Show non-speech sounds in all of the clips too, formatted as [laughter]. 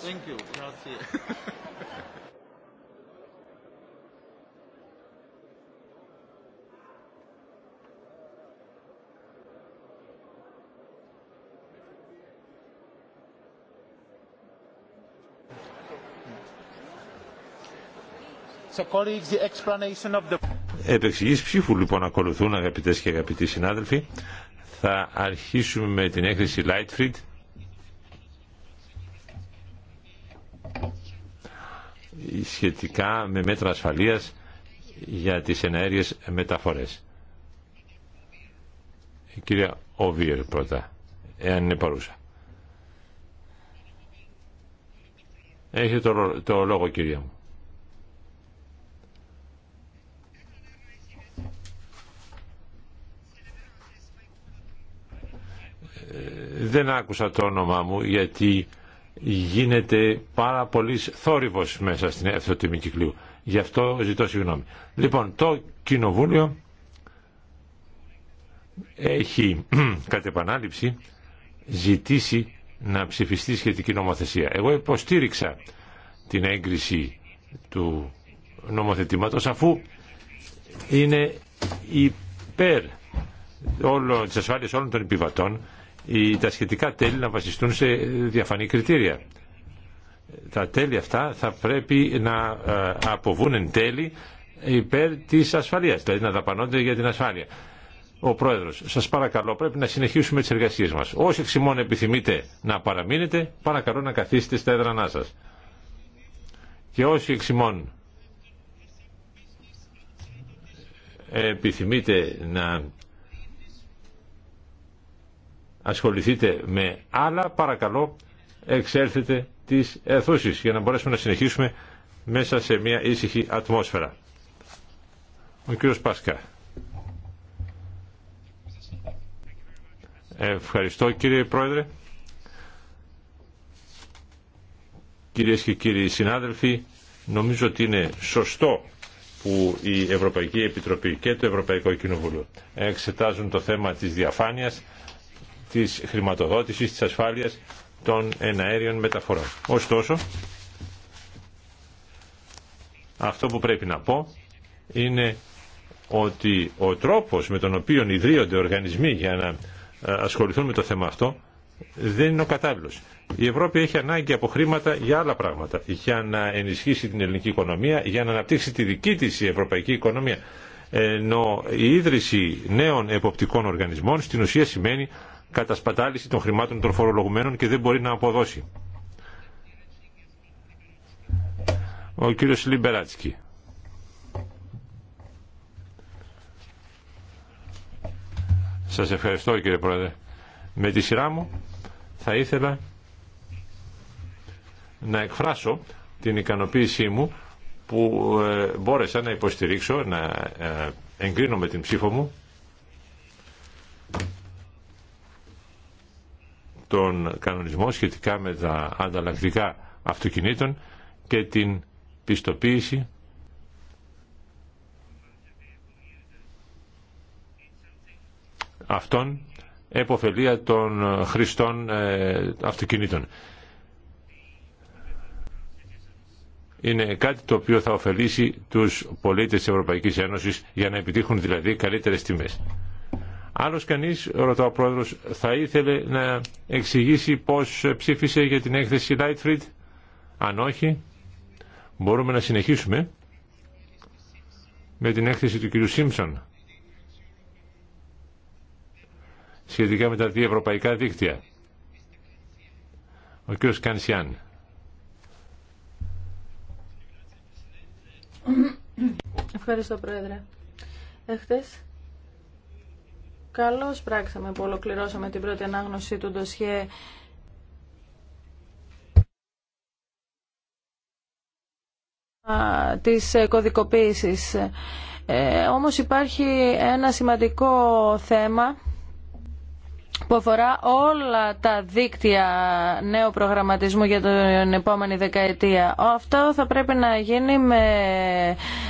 Thank ψήφου λοιπόν ακολουθούν αγαπητές και αγαπητοί συνάδελφοι. Θα αρχίσουμε με την έκθεση Lightfried σχετικά με μέτρα ασφαλείας για τις εναέριες μεταφορές. Η κυρία Οβίερ πρώτα, εάν είναι παρούσα. Έχετε το, το λόγο κυρία μου. Ε, δεν άκουσα το όνομά μου γιατί γίνεται πάρα πολύ θόρυβος μέσα στην αίθουσα του ημικυκλίου. Γι' αυτό ζητώ συγγνώμη. Λοιπόν, το Κοινοβούλιο έχει [clears throat] κατ' επανάληψη ζητήσει να ψηφιστεί σχετική νομοθεσία. Εγώ υποστήριξα την έγκριση του νομοθετήματος αφού είναι υπέρ όλων, της ασφάλειας όλων των επιβατών τα σχετικά τέλη να βασιστούν σε διαφανή κριτήρια. Τα τέλη αυτά θα πρέπει να ε, αποβούν εν τέλει υπέρ της ασφαλείας, δηλαδή να δαπανώνται για την ασφάλεια. Ο Πρόεδρος, σας παρακαλώ, πρέπει να συνεχίσουμε τις εργασίες μας. Όσοι εξημών επιθυμείτε να παραμείνετε, παρακαλώ να καθίσετε στα έδρανά σας. Και όσοι εξημών επιθυμείτε να ασχοληθείτε με άλλα, παρακαλώ εξέλθετε τις αιθούσεις για να μπορέσουμε να συνεχίσουμε μέσα σε μια ήσυχη ατμόσφαιρα. Ο κύριος Πάσκα. Ευχαριστώ κύριε Πρόεδρε. Κυρίες και κύριοι συνάδελφοι, νομίζω ότι είναι σωστό που η Ευρωπαϊκή Επιτροπή και το Ευρωπαϊκό Κοινοβούλιο εξετάζουν το θέμα της διαφάνειας της χρηματοδότησης, της ασφάλειας των εναέριων μεταφορών. Ωστόσο, αυτό που πρέπει να πω είναι ότι ο τρόπος με τον οποίο ιδρύονται οργανισμοί για να ε, ασχοληθούν με το θέμα αυτό δεν είναι ο κατάλληλος. Η Ευρώπη έχει ανάγκη από χρήματα για άλλα πράγματα, για να ενισχύσει την ελληνική οικονομία, για να αναπτύξει τη δική της η ευρωπαϊκή οικονομία. Ενώ η ίδρυση νέων εποπτικών οργανισμών στην ουσία σημαίνει κατασπατάληση των χρημάτων των φορολογουμένων και δεν μπορεί να αποδώσει. Ο κύριος Λιμπεράτσκι. Σας ευχαριστώ κύριε Πρόεδρε. Με τη σειρά μου θα ήθελα να εκφράσω την ικανοποίησή μου που ε, μπόρεσα να υποστηρίξω, να ε, εγκρίνω με την ψήφο μου τον κανονισμό σχετικά με τα ανταλλακτικά αυτοκινήτων και την πιστοποίηση αυτών εποφελία των χρηστών ε, αυτοκινήτων. Είναι κάτι το οποίο θα ωφελήσει τους πολίτες της Ευρωπαϊκής Ένωσης για να επιτύχουν δηλαδή καλύτερες τιμές. Άλλος κανείς, ρωτά ο πρόεδρος, θα ήθελε να εξηγήσει πώς ψήφισε για την έκθεση Lightfried. Αν όχι, μπορούμε να συνεχίσουμε με την έκθεση του κ. Σίμψον σχετικά με τα δύο ευρωπαϊκά δίκτυα. Ο κ. Κανσιάν. Ευχαριστώ, Πρόεδρε. Εχθές Καλώς πράξαμε που ολοκληρώσαμε την πρώτη ανάγνωση του ντοσιέ της ε, κωδικοποίησης. Ε, όμως υπάρχει ένα σημαντικό θέμα που αφορά όλα τα δίκτυα νέου προγραμματισμού για την επόμενη δεκαετία. Αυτό θα πρέπει να γίνει με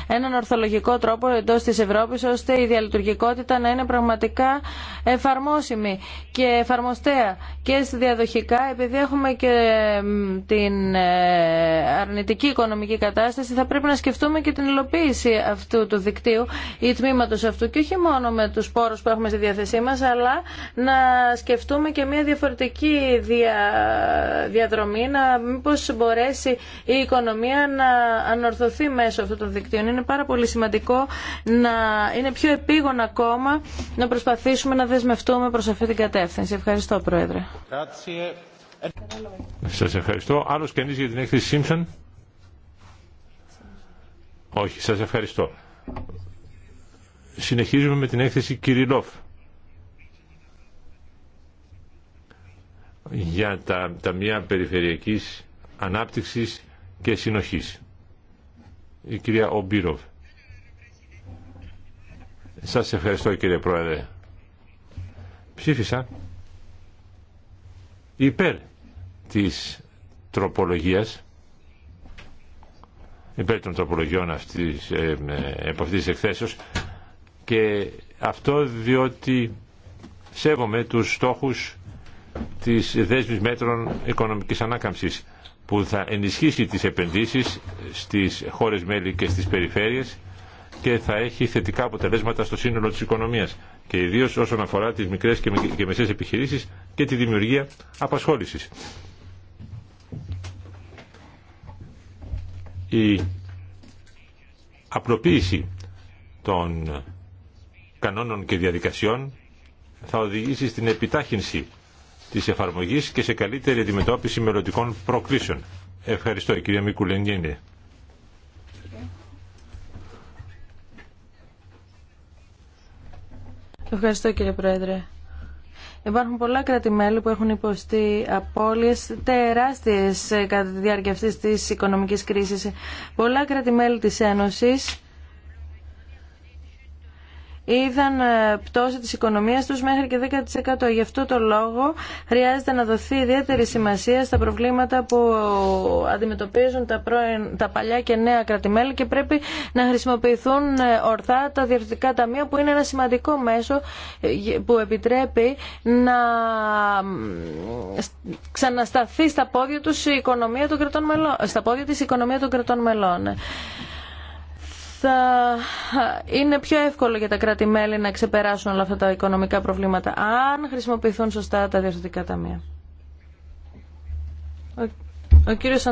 έναν ορθολογικό τρόπο εντός της Ευρώπης, ώστε η διαλειτουργικότητα να είναι πραγματικά εφαρμόσιμη και εφαρμοστέα και στη διαδοχικά, επειδή έχουμε και την ε, αρνητική οικονομική κατάσταση, θα πρέπει να σκεφτούμε και την υλοποίηση αυτού του δικτύου ή τμήματος αυτού και όχι μόνο με τους πόρους που έχουμε στη διάθεσή αλλά να σκεφτούμε και μια διαφορετική διαδρομή, να μήπως μπορέσει η οικονομία να ανορθωθεί μέσω αυτού των δικτύων. Είναι πάρα πολύ σημαντικό να είναι πιο επίγον ακόμα να προσπαθήσουμε να δεσμευτούμε προς αυτή την κατεύθυνση. Ευχαριστώ, Πρόεδρε. Σας ευχαριστώ. Άλλος κανείς για την έκθεση Σίμψον. Όχι, σας ευχαριστώ. Συνεχίζουμε με την έκθεση Κυριλόφ. για τα Ταμεία Περιφερειακής Ανάπτυξης και Συνοχής. Η κυρία Ομπύροβ. Σας ευχαριστώ κύριε Πρόεδρε. Ψήφισα υπέρ της τροπολογίας υπέρ των τροπολογιών αυτής, ε, από αυτής εκθέσεως και αυτό διότι σέβομαι τους στόχους της δέσμης μέτρων οικονομικής ανάκαμψης που θα ενισχύσει τις επενδύσεις στις χώρες μέλη και στις περιφέρειες και θα έχει θετικά αποτελέσματα στο σύνολο της οικονομίας και ιδίως όσον αφορά τις μικρές και μεσές επιχειρήσεις και τη δημιουργία απασχόλησης. Η απλοποίηση των κανόνων και διαδικασιών θα οδηγήσει στην επιτάχυνση της εφαρμογής και σε καλύτερη αντιμετώπιση μελλοντικών προκλήσεων. Ευχαριστώ, κυρία Μικουλενγκίνη. Ευχαριστώ κύριε Πρόεδρε. Υπάρχουν πολλά κράτη-μέλη που έχουν υποστεί απώλειες τεράστιες κατά τη διάρκεια αυτής της οικονομικής κρίσης. Πολλά κράτη-μέλη της Ένωσης είδαν ε, πτώση της οικονομίας τους μέχρι και 10%. Γι' αυτό το λόγο χρειάζεται να δοθεί ιδιαίτερη σημασία στα προβλήματα που αντιμετωπίζουν τα, πρώην, τα παλιά και νέα κρατημέλη και πρέπει να χρησιμοποιηθούν ε, ορθά τα διευθυντικά ταμεία που είναι ένα σημαντικό μέσο ε, που επιτρέπει να ξανασταθεί στα πόδια, τους η οικονομία των στα πόδια της οικονομία των κρατών μελών θα είναι πιο εύκολο για τα κράτη-μέλη να ξεπεράσουν όλα αυτά τα οικονομικά προβλήματα αν χρησιμοποιηθούν σωστά τα διευθυντικά ταμεία. Ο, ο κύριος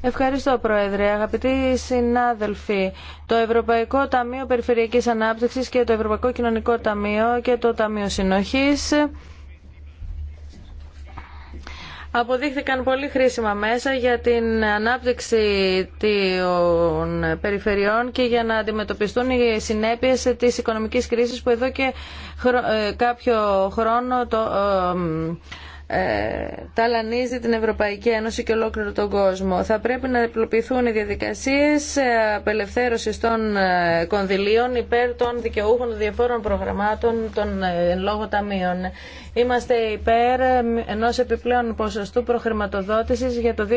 Ευχαριστώ Πρόεδρε. Αγαπητοί συνάδελφοι, το Ευρωπαϊκό Ταμείο Περιφερειακής Ανάπτυξης και το Ευρωπαϊκό Κοινωνικό Ταμείο και το Ταμείο Συνοχής αποδείχθηκαν πολύ χρήσιμα μέσα για την ανάπτυξη των περιφερειών και για να αντιμετωπιστούν οι συνέπειες της οικονομικής κρίσης που εδώ και ε, κάποιο χρόνο ε, ε, ταλανίζει την Ευρωπαϊκή Ένωση και ολόκληρο τον κόσμο. Θα πρέπει να επιλοποιηθούν οι διαδικασίες ε, απελευθέρωσης των ε, κονδυλίων υπέρ των δικαιούχων των διαφόρων προγραμμάτων των λόγω ταμείων. Είμαστε υπέρ ενός επιπλέον ποσοστού προχρηματοδότησης για το 2010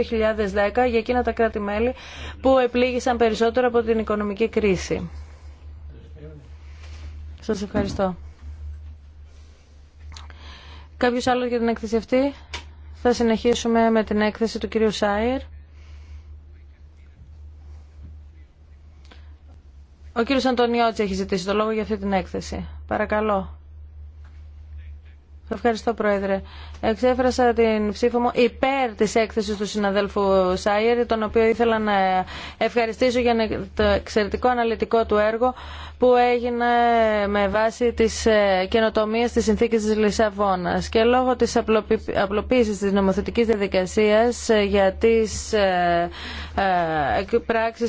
για εκείνα τα κράτη-μέλη που επλήγησαν περισσότερο από την οικονομική κρίση. Σας ευχαριστώ. Κάποιος άλλος για την έκθεση αυτή. Θα συνεχίσουμε με την έκθεση του κυρίου Σάιρ. Ο κύριος Αντωνιώτης έχει ζητήσει το λόγο για αυτή την έκθεση. Παρακαλώ. Ευχαριστώ, Πρόεδρε. Εξέφρασα την ψήφο μου υπέρ τη έκθεση του συναδέλφου Σάιερ, τον οποίο ήθελα να ευχαριστήσω για το εξαιρετικό αναλυτικό του έργο που έγινε με βάση τι ε, καινοτομίε τη συνθήκη τη Λισαβόνα. Και λόγω τη απλοποίηση τη νομοθετική διαδικασία ε, για τι ε, πράξει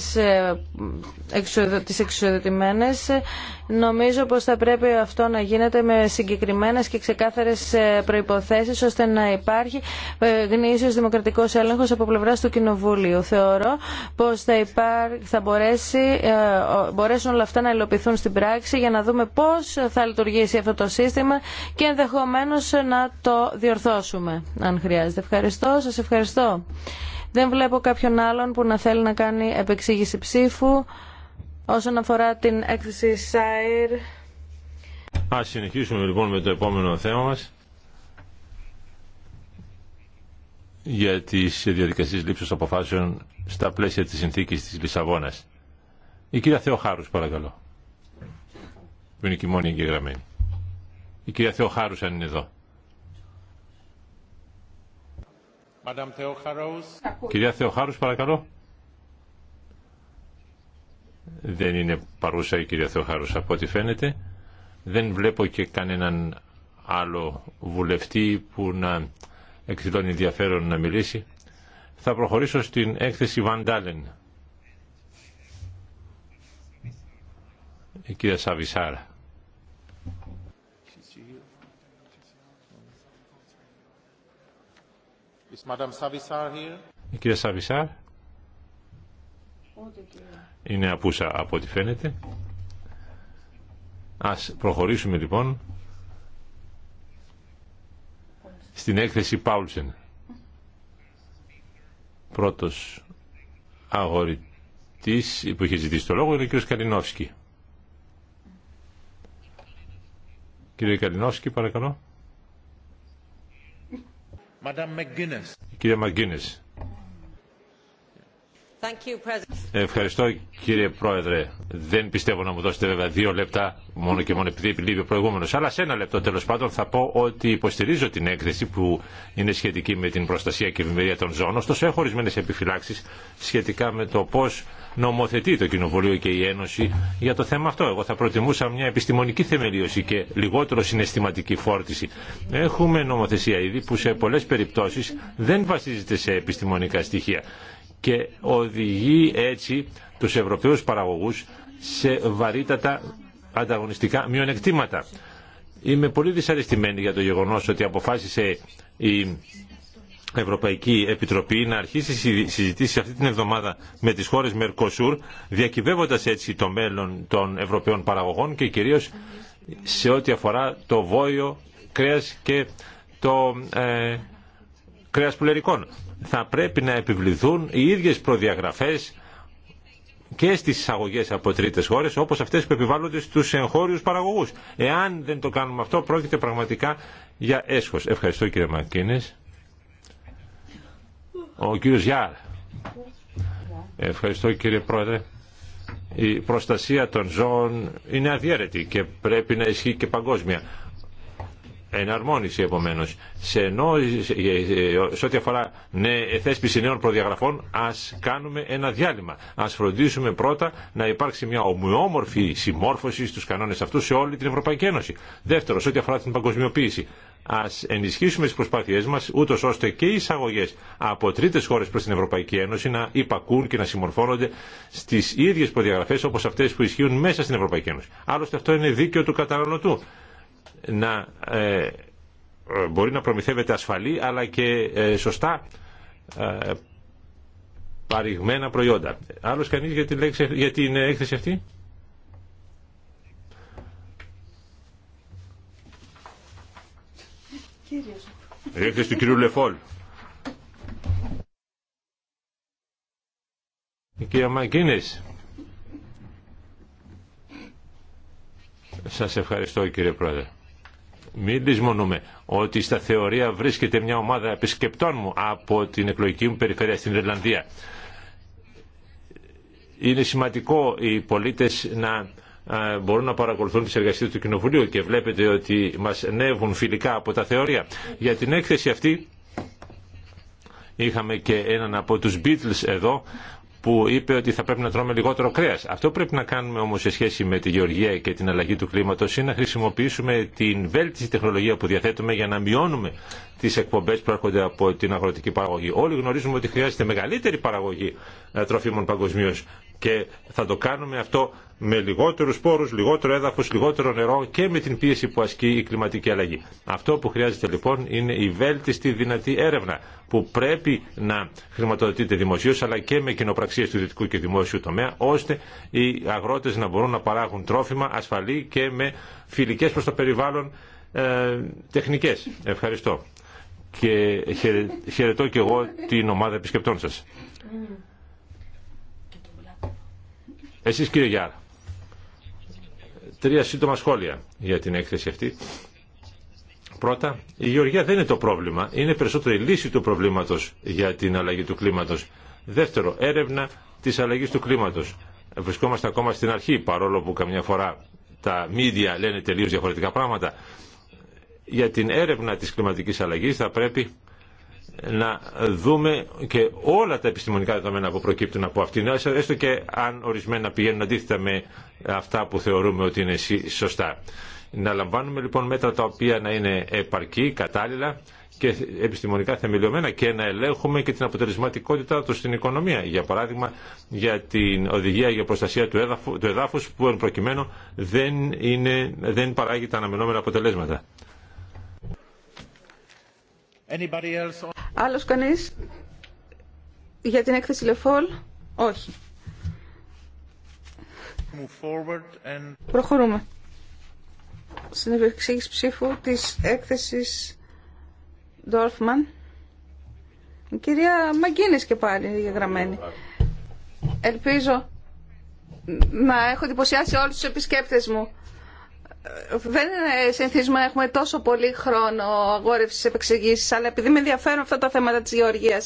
τι εξουσιοδοτημένε, νομίζω πω θα πρέπει αυτό να γίνεται με συγκεκριμένε και ξεκάθαρε Προποθέσει, ε, προϋποθέσεις ώστε να υπάρχει ε, γνήσιος δημοκρατικός έλεγχος από πλευρά του Κοινοβούλιου. Θεωρώ πως θα, υπάρ... θα μπορέσει... Ε, μπορέσουν όλα αυτά να υλοποιηθούν στην πράξη για να δούμε πώς θα λειτουργήσει αυτό το σύστημα και ενδεχομένως να το διορθώσουμε αν χρειάζεται. Ευχαριστώ. Σας ευχαριστώ. Δεν βλέπω κάποιον άλλον που να θέλει να κάνει επεξήγηση ψήφου όσον αφορά την έκθεση ΣΑΙΡ. Ας συνεχίσουμε λοιπόν με το επόμενο θέμα μας για τις διαδικασίες λήψης αποφάσεων στα πλαίσια της συνθήκης της Λισαβόνας. Η κυρία Θεοχάρους παρακαλώ. Που είναι και η μόνη εγγεγραμμένη. Η κυρία Θεοχάρους αν είναι εδώ. Κυρία Θεοχάρους παρακαλώ. Δεν είναι παρούσα η κυρία Θεοχάρους από ό,τι φαίνεται. Δεν βλέπω και κανέναν άλλο βουλευτή που να εκδηλώνει ενδιαφέρον να μιλήσει. Θα προχωρήσω στην έκθεση Βαντάλεν. Η κυρία Σαβισάρα. Η κυρία Σαβισάρ είναι απούσα από ό,τι φαίνεται. Ας προχωρήσουμε λοιπόν στην έκθεση Πάουλσεν. Πρώτος αγορητής που είχε ζητήσει το λόγο είναι ο κ. Καλινόφσκι. Κύριε Καλινόφσκι, παρακαλώ. Κυρία Μαγκίνες. Ευχαριστώ κύριε Πρόεδρε. Δεν πιστεύω να μου δώσετε βέβαια δύο λεπτά μόνο και μόνο επειδή επιλύει ο προηγούμενο. Αλλά σε ένα λεπτό τέλο πάντων θα πω ότι υποστηρίζω την έκθεση που είναι σχετική με την προστασία και ευημερία των ζώων. Ωστόσο έχω ορισμένε επιφυλάξει σχετικά με το πώ νομοθετεί το Κοινοβούλιο και η Ένωση για το θέμα αυτό. Εγώ θα προτιμούσα μια επιστημονική θεμελίωση και λιγότερο συναισθηματική φόρτιση. Έχουμε νομοθεσία ήδη που σε πολλέ περιπτώσει δεν βασίζεται σε επιστημονικά στοιχεία και οδηγεί έτσι τους Ευρωπαίους παραγωγούς σε βαρύτατα ανταγωνιστικά μειονεκτήματα. Είμαι πολύ δυσαρεστημένη για το γεγονός ότι αποφάσισε η Ευρωπαϊκή Επιτροπή να αρχίσει συζητήσει αυτή την εβδομάδα με τις χώρες Μερκοσούρ, διακυβεύοντας έτσι το μέλλον των Ευρωπαίων παραγωγών και κυρίως σε ό,τι αφορά το βόλιο κρέας και το ε, κρέας πουλερικών θα πρέπει να επιβληθούν οι ίδιες προδιαγραφές και στις εισαγωγές από τρίτες χώρες όπως αυτές που επιβάλλονται στους εγχώριους παραγωγούς. Εάν δεν το κάνουμε αυτό πρόκειται πραγματικά για έσχος. Ευχαριστώ κύριε Μακίνες. Ο κύριος Γιάρ. Ευχαριστώ κύριε Πρόεδρε. Η προστασία των ζώων είναι αδιαίρετη και πρέπει να ισχύει και παγκόσμια εναρμόνιση επομένω, Σε, ενώ, σε, ε, ε, ό,τι αφορά ναι, θέσπιση νέων προδιαγραφών α κάνουμε ένα διάλειμμα. Α φροντίσουμε πρώτα να υπάρξει μια ομοιόμορφη συμμόρφωση στους κανόνε αυτού σε όλη την Ευρωπαϊκή Ένωση. Δεύτερο, σε ό,τι αφορά την παγκοσμιοποίηση. Α ενισχύσουμε τι προσπάθειέ μα, ούτω ώστε και οι εισαγωγέ από τρίτε χώρε προ την Ευρωπαϊκή Ένωση να υπακούν και να συμμορφώνονται στι ίδιε προδιαγραφέ όπω αυτέ που ισχύουν μέσα στην Ευρωπαϊκή Ένωση. Άλλωστε, αυτό είναι δίκαιο του καταναλωτού να ε, ε, μπορεί να προμηθεύεται ασφαλή αλλά και ε, σωστά παρηγμένα προϊόντα. Άλλος κανείς για την, για την έκθεση αυτή. Κύριε Έκθεση του κύριου Λεφόλ. Η κυρία Σας ευχαριστώ κύριε Πρόεδρε. Μην λησμονούμε ότι στα θεωρία βρίσκεται μια ομάδα επισκεπτών μου από την εκλογική μου περιφέρεια στην Ιρλανδία. Είναι σημαντικό οι πολίτες να ε, μπορούν να παρακολουθούν τις εργασίες του Κοινοβουλίου και βλέπετε ότι μας νεύουν φιλικά από τα θεωρία. Για την έκθεση αυτή είχαμε και έναν από τους Beatles εδώ που είπε ότι θα πρέπει να τρώμε λιγότερο κρέα. Αυτό που πρέπει να κάνουμε όμω σε σχέση με τη γεωργία και την αλλαγή του κλίματο είναι να χρησιμοποιήσουμε την βέλτιστη τεχνολογία που διαθέτουμε για να μειώνουμε τι εκπομπέ που έρχονται από την αγροτική παραγωγή. Όλοι γνωρίζουμε ότι χρειάζεται μεγαλύτερη παραγωγή ε, τροφίμων παγκοσμίω και θα το κάνουμε αυτό με λιγότερους πόρους, λιγότερο έδαφος, λιγότερο νερό και με την πίεση που ασκεί η κλιματική αλλαγή. Αυτό που χρειάζεται λοιπόν είναι η βέλτιστη δυνατή έρευνα που πρέπει να χρηματοδοτείται δημοσίως αλλά και με κοινοπραξίες του δυτικού και δημόσιου τομέα ώστε οι αγρότες να μπορούν να παράγουν τρόφιμα ασφαλή και με φιλικές προς το περιβάλλον ε, τεχνικές. Ευχαριστώ. Και χαιρετώ και εγώ την ομάδα επισκεπτών σας. Mm. Εσείς κύριε Γιάρα, τρία σύντομα σχόλια για την έκθεση αυτή. Πρώτα, η γεωργία δεν είναι το πρόβλημα, είναι περισσότερο η λύση του προβλήματος για την αλλαγή του κλίματος. Δεύτερο, έρευνα της αλλαγής του κλίματος. Βρισκόμαστε ακόμα στην αρχή, παρόλο που καμιά φορά τα μίδια λένε τελείως διαφορετικά πράγματα. Για την έρευνα της κλιματικής αλλαγής θα πρέπει να δούμε και όλα τα επιστημονικά δεδομένα που προκύπτουν από αυτήν, έστω και αν ορισμένα πηγαίνουν αντίθετα με αυτά που θεωρούμε ότι είναι σωστά. Να λαμβάνουμε λοιπόν μέτρα τα οποία να είναι επαρκή, κατάλληλα και επιστημονικά θεμελιωμένα και να ελέγχουμε και την αποτελεσματικότητά του στην οικονομία. Για παράδειγμα, για την οδηγία για προστασία του, έδαφου, του εδάφους που εν προκειμένου δεν, είναι, δεν παράγει τα αναμενόμενα αποτελέσματα. Άλλος κανείς για την έκθεση Λεφόλ. Όχι. Προχωρούμε. Στην ευεξήγηση ψήφου της έκθεσης Ντόρφμαν. Η κυρία Μαγκίνης και πάλι είναι γραμμένη. Ελπίζω να έχω εντυπωσιάσει όλους τους επισκέπτες μου δεν είναι συνθήσιμο να έχουμε τόσο πολύ χρόνο αγόρευση επεξηγήσει, αλλά επειδή με ενδιαφέρουν αυτά τα θέματα τη γεωργία.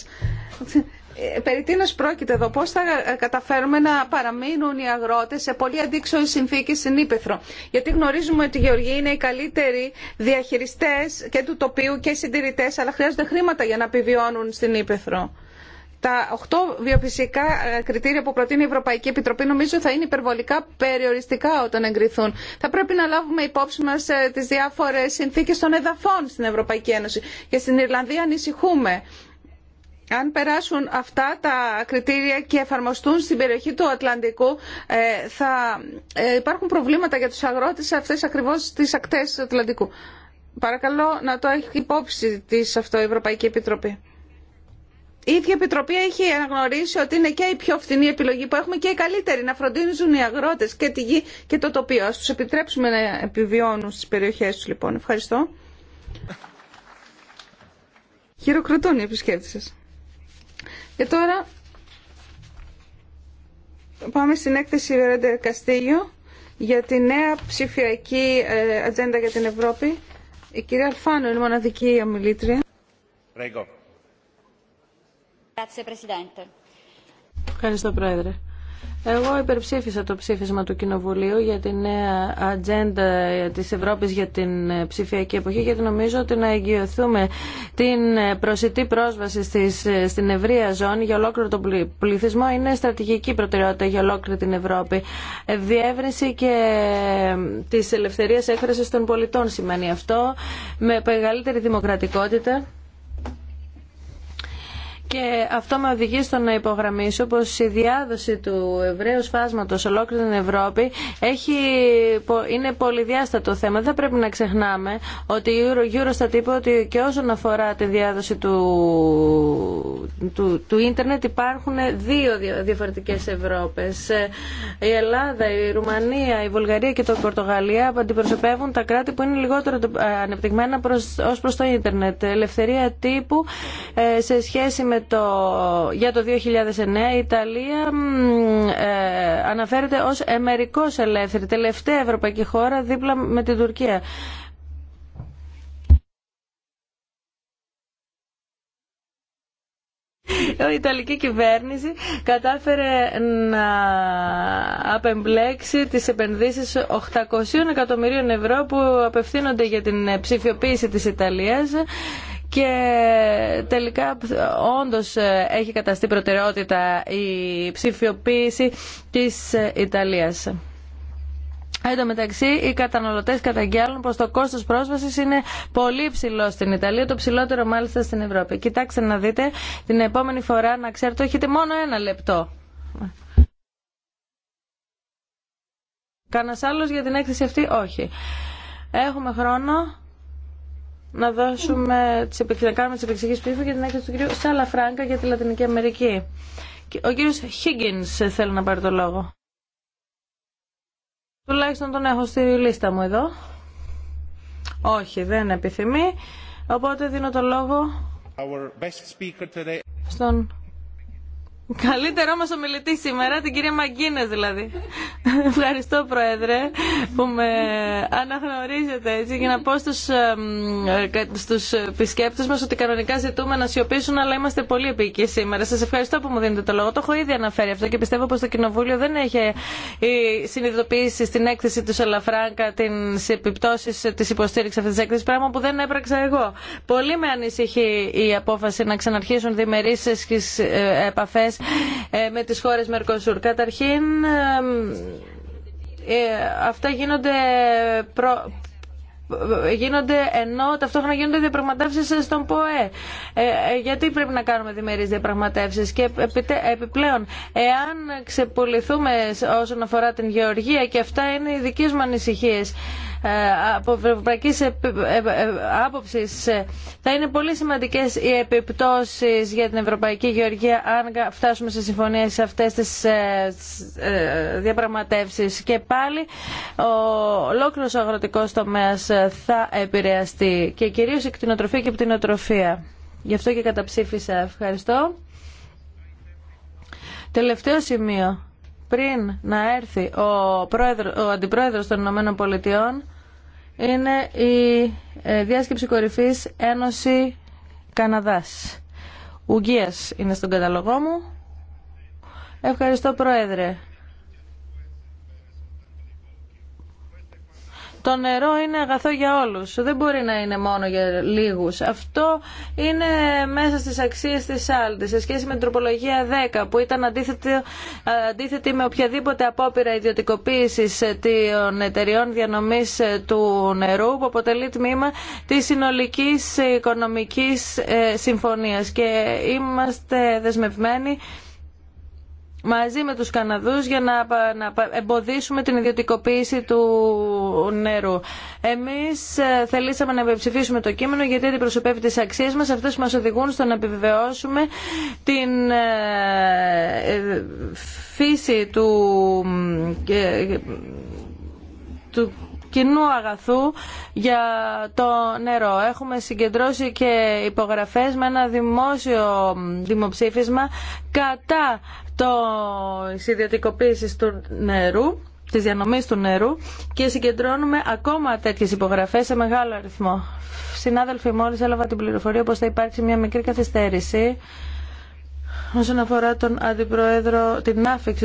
Περί τίνος πρόκειται εδώ, πώς θα καταφέρουμε να παραμείνουν οι αγρότες σε πολύ αντίξωες συνθήκες στην Ήπεθρο. Γιατί γνωρίζουμε ότι οι Γεωργοί είναι οι καλύτεροι διαχειριστές και του τοπίου και συντηρητές, αλλά χρειάζονται χρήματα για να επιβιώνουν στην Ήπεθρο τα οχτώ βιοφυσικά ε, κριτήρια που προτείνει η Ευρωπαϊκή Επιτροπή νομίζω θα είναι υπερβολικά περιοριστικά όταν εγκριθούν. Θα πρέπει να λάβουμε υπόψη μα ε, τι διάφορε συνθήκε των εδαφών στην Ευρωπαϊκή Ένωση. Και στην Ιρλανδία ανησυχούμε. Αν περάσουν αυτά τα κριτήρια και εφαρμοστούν στην περιοχή του Ατλαντικού, ε, θα υπάρχουν προβλήματα για τους αγρότες σε αυτές ακριβώς τις ακτές του Ατλαντικού. Παρακαλώ να το έχει υπόψη τη αυτό η Ευρωπαϊκή Επιτροπή η ίδια Επιτροπή έχει αναγνωρίσει ότι είναι και η πιο φθηνή επιλογή που έχουμε και η καλύτερη να φροντίζουν οι αγρότες και τη γη και το τοπίο. Ας τους επιτρέψουμε να επιβιώνουν στις περιοχές τους λοιπόν. Ευχαριστώ. Χειροκροτούν οι επισκέπτες σας. Και τώρα πάμε στην έκθεση Ρέντερ Καστίγιο για τη νέα ψηφιακή ε, ατζέντα για την Ευρώπη. Η κυρία Αλφάνο είναι μοναδική ομιλήτρια. Ρέγκο. Ευχαριστώ, Πρόεδρε. Εγώ υπερψήφισα το ψήφισμα του Κοινοβουλίου για τη νέα ατζέντα της Ευρώπης για την ψηφιακή εποχή γιατί νομίζω ότι να εγγυωθούμε την προσιτή πρόσβαση στην ευρεία ζώνη για ολόκληρο τον πληθυσμό είναι στρατηγική προτεραιότητα για ολόκληρη την Ευρώπη. Διεύρυνση και της ελευθερίας έκφρασης των πολιτών σημαίνει αυτό με μεγαλύτερη δημοκρατικότητα και αυτό με οδηγεί στο να υπογραμμίσω πως η διάδοση του Εβραίου σφάσματος ολόκληρη την Ευρώπη έχει, είναι πολυδιάστατο θέμα. Δεν πρέπει να ξεχνάμε ότι η Eurostat είπε ότι και όσον αφορά τη διάδοση του, του, του ίντερνετ υπάρχουν δύο διαφορετικές Ευρώπες. Η Ελλάδα, η Ρουμανία, η Βουλγαρία και το Πορτογαλία αντιπροσωπεύουν τα κράτη που είναι λιγότερο ανεπτυγμένα ω ως προς το ίντερνετ. Ελευθερία τύπου ε, σε σχέση με το, για το 2009 η Ιταλία ε, αναφέρεται ως εμερικός ελεύθερη, τελευταία ευρωπαϊκή χώρα δίπλα με την Τουρκία. Η Ιταλική κυβέρνηση κατάφερε να απεμπλέξει τις επενδύσεις 800 εκατομμυρίων ευρώ που απευθύνονται για την ψηφιοποίηση της Ιταλίας και τελικά όντως ε, έχει καταστεί προτεραιότητα η ψηφιοποίηση της Ιταλίας. Εν τω μεταξύ, οι καταναλωτέ καταγγέλνουν πω το κόστο πρόσβαση είναι πολύ ψηλό στην Ιταλία, το ψηλότερο μάλιστα στην Ευρώπη. Κοιτάξτε να δείτε, την επόμενη φορά να ξέρετε, έχετε μόνο ένα λεπτό. Κανένα άλλο για την έκθεση αυτή, όχι. Έχουμε χρόνο να δώσουμε, να κάνουμε τις επεξηγήσεις ψήφου για την έκθεση του Σάλα Σαλαφράγκα για τη Λατινική Αμερική. Ο κύριος Χίγκιν θέλει να πάρει το λόγο. Τουλάχιστον τον έχω στη λίστα μου εδώ. Όχι, δεν επιθυμεί. Οπότε δίνω το λόγο στον Καλύτερό μας ομιλητή σήμερα, την κυρία Μαγκίνε δηλαδή. Ευχαριστώ Πρόεδρε που με αναγνωρίζετε έτσι για να πω στους, ε, στους επισκέπτες μας ότι κανονικά ζητούμε να σιωπήσουν αλλά είμαστε πολύ επίκαιοι σήμερα. Σας ευχαριστώ που μου δίνετε το λόγο. Το έχω ήδη αναφέρει αυτό και πιστεύω πως το Κοινοβούλιο δεν έχει ε, συνειδητοποιήσει στην έκθεση του Σαλαφράγκα τις επιπτώσεις της υποστήριξης αυτής της έκθεσης, πράγμα που δεν έπραξα εγώ. Πολύ με ανησυχεί η απόφαση να ξαναρχίσουν διμερείς ε, επαφές ε, με τις χώρες Μερκοσούρ. Καταρχήν, ε, ε, αυτά γίνονται γίνονται ενώ ταυτόχρονα γίνονται διαπραγματεύσει στον ΠΟΕ. Ε, γιατί πρέπει να κάνουμε διμερείς διαπραγματεύσεις. και επιπλέον, εάν ξεπουληθούμε όσον αφορά την γεωργία, και αυτά είναι οι δικές μου ανησυχίε. Ε, από ευρωπαϊκή ε, ε, άποψη θα είναι πολύ σημαντικέ οι επιπτώσει για την Ευρωπαϊκή Γεωργία αν φτάσουμε σε συμφωνίε σε αυτέ τι διαπραγματεύσει. Και πάλι ο ολόκληρο αγροτικό τομέα θα επηρεαστεί και κυρίω η κτηνοτροφία και η πτηνοτροφία. Γι' αυτό και καταψήφισα. Ευχαριστώ. Τελευταίο σημείο. Πριν να έρθει ο, πρόεδρο, ο αντιπρόεδρος των Ηνωμένων Πολιτειών, είναι η ε, διάσκεψη κορυφής Ένωση Καναδάς. Ουγγίας είναι στον καταλογό μου. Ευχαριστώ Πρόεδρε. Το νερό είναι αγαθό για όλους. Δεν μπορεί να είναι μόνο για λίγους. Αυτό είναι μέσα στις αξίες της άλλης, σε σχέση με την τροπολογία 10 που ήταν αντίθετη, αντίθετη με οποιαδήποτε απόπειρα ιδιωτικοποίησης των εταιριών διανομής του νερού που αποτελεί τμήμα της συνολικής οικονομικής ε, συμφωνίας και είμαστε δεσμευμένοι μαζί με τους Καναδούς για να, να εμποδίσουμε την ιδιωτικοποίηση του νερού. Εμείς ε, θελήσαμε να επιψηφίσουμε το κείμενο γιατί αντιπροσωπεύει τις αξίες μας, αυτές μας οδηγούν στο να επιβεβαιώσουμε την ε, ε, φύση του του κοινού αγαθού για το νερό. Έχουμε συγκεντρώσει και υπογραφές με ένα δημόσιο δημοψήφισμα κατά το ιδιωτικοποίηση του νερού της διανομής του νερού και συγκεντρώνουμε ακόμα τέτοιες υπογραφές σε μεγάλο αριθμό. Συνάδελφοι, μόλις έλαβα την πληροφορία πως θα υπάρξει μια μικρή καθυστέρηση όσον αφορά τον αντιπρόεδρο, την άφηξη του